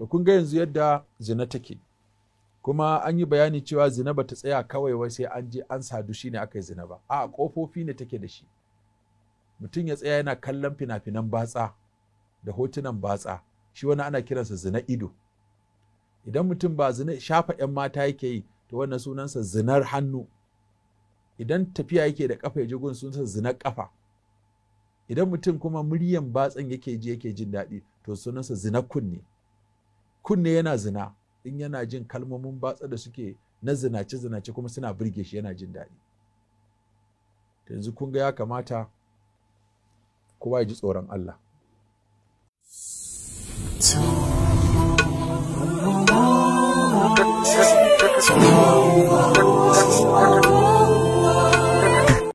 to kun ga yanzu yadda zina take kuma an yi bayani cewa zina ba ta tsaya kawai wai sai an je an sadu shi ne aka yi zina ba a kofofi ne take da shi mutum ya tsaya yana kallon fina-finan batsa da hotunan batsa shi wani ana kiransa zina ido idan mutum ba zina shafa 'yan mata yake yi to wannan sunansa zinar hannu idan tafiya yake da kafa ya ji gun sunansa zinar kafa idan mutum kuma muryan batsan yake ji yake jin daɗi to sunansa zinar kunne kunne yana zina in yana jin kalmomin batsa da suke na zinace zinace kuma suna burge shi yana jin daɗi yanzu kun ga ya kamata kowa ya ji tsoron Allah Oh